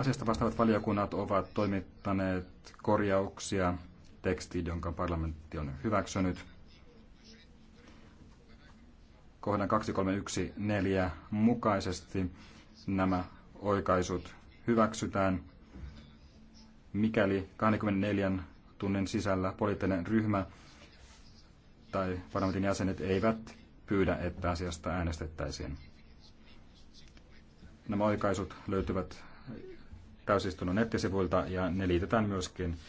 Asiasta vastaavat valiokunnat ovat toimittaneet korjauksia tekstiin, jonka parlamentti on hyväksynyt. Kohdan 2314 mukaisesti nämä oikaisut hyväksytään, mikäli 24 tunnin sisällä poliittinen ryhmä tai parlamentin jäsenet eivät pyydä, että asiasta äänestettäisiin. Nämä oikaisut löytyvät täysistunnon nettisivuilta ja ne liitetään myöskin